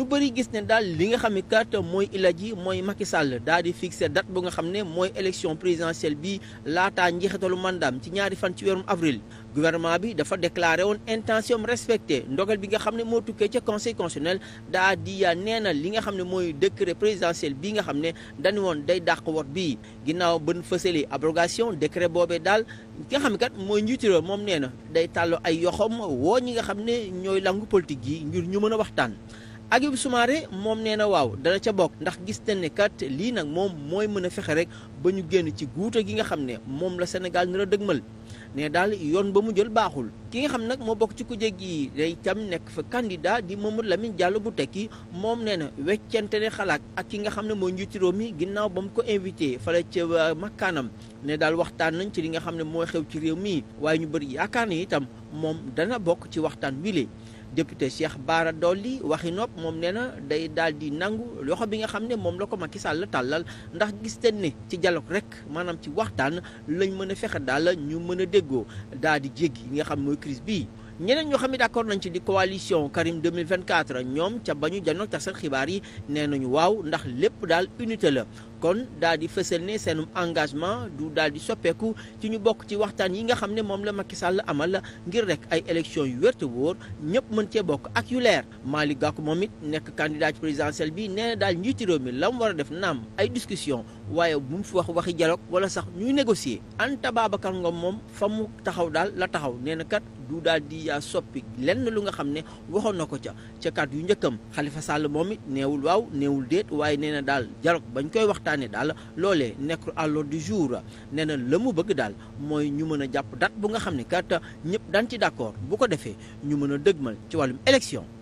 ñu bëri gis ne daal li nga xam ne kat mooy ilaaj yi mooy Macky Sall daal di fixé date bu nga xam ne mooy élection présidentielle bi laataa njeexitalu mandaam ci ñaari fan ci weerum avril gouvernement bi dafa woon intention respecté ndogal bi nga xam ne moo tukkee ca conseil constitutionnel di ya nee na li nga xam ne mooy décret présidentiel bi nga xam ne dañu woon day dàq wot bii ginnaaw bën fësali abrogation décret boobee daal ki nga xam kat mooy njiitu moom nee na day tàllu ay yoxom woo ñi nga xam ne ñooy langu politique yi ngir ñu mën a waxtaan Agib sumaaree moom nee na waaw dana ca bokk ndax gis te ne kat lii nag moom mooy mën a fexe rek ba ñu génn ci guute gi nga xam ne moom la Sénégal nar a dëgmal ne daal yoon ba mu jël baaxul ki nga xam nag moo bokk ci kuje gi day tam nekk fa candidat di Mamadou Lamine Diallo bu tekki moom nee na weccante ne xalaat ak ki nga xam ne mooy njiitu réew mi ginnaaw ba mu ko invité fale ca uh, makkaanam ne daal waxtaan nañ ci li nga xam ne mooy xew ci réew mi waaye ñu bëri yaakaar ne itam moom dana bokk ci waxtaan wile député Cheikh Bara Dolly waxi nopp moom nee na day daal di nangu loxo bi nga xam ne moom la ko ma Macky Sall tàllal ndax gis te ne ci dialogue rek maanaam ci waxtaan lañ mën a fexe daal ñu mën a déggoo daal di jéggi yi nga xam mooy crise bii. ñeneen ñoo xam ne d'accord nañ ci di coalition Karim 2024 ñoom ca bañu ca tasal xibaar yi nee nañu waaw ndax lépp daal unité la. kon daal di fësal ne seen engagement du daal di soppeeku ci ñu bokk ci waxtaan yi nga xam ne moom la Macky sàll amal ngir rek ay élections yu wér te wóor ñëpp mën cee bokk ak yu leer Malick Gakou moom it nekk candidat ci présidentielle bi nee na daal njiiti réew mi la mu war a def naam ay discussion waaye bu mu fi wax waxi dialogue wala sax ñuy négocier Anta Babacar Ngom moom fa mu taxaw daal la taxaw nee na kat du daal di yaa uh, soppi lenn lu nga xam ne waxoon na ko ca ca kat yu njëkkam Khalifa Sall moom it neewul waaw neewul waaye nee daal waxtaanee daal loole nekkul à l'ordre du jour nee na la mu bëgg daal mooy ñu mën a jàpp date bu nga xam ni kat ñëpp daan ci d'accord bu ko defee ñu mën a dëgmal ci wàllum élection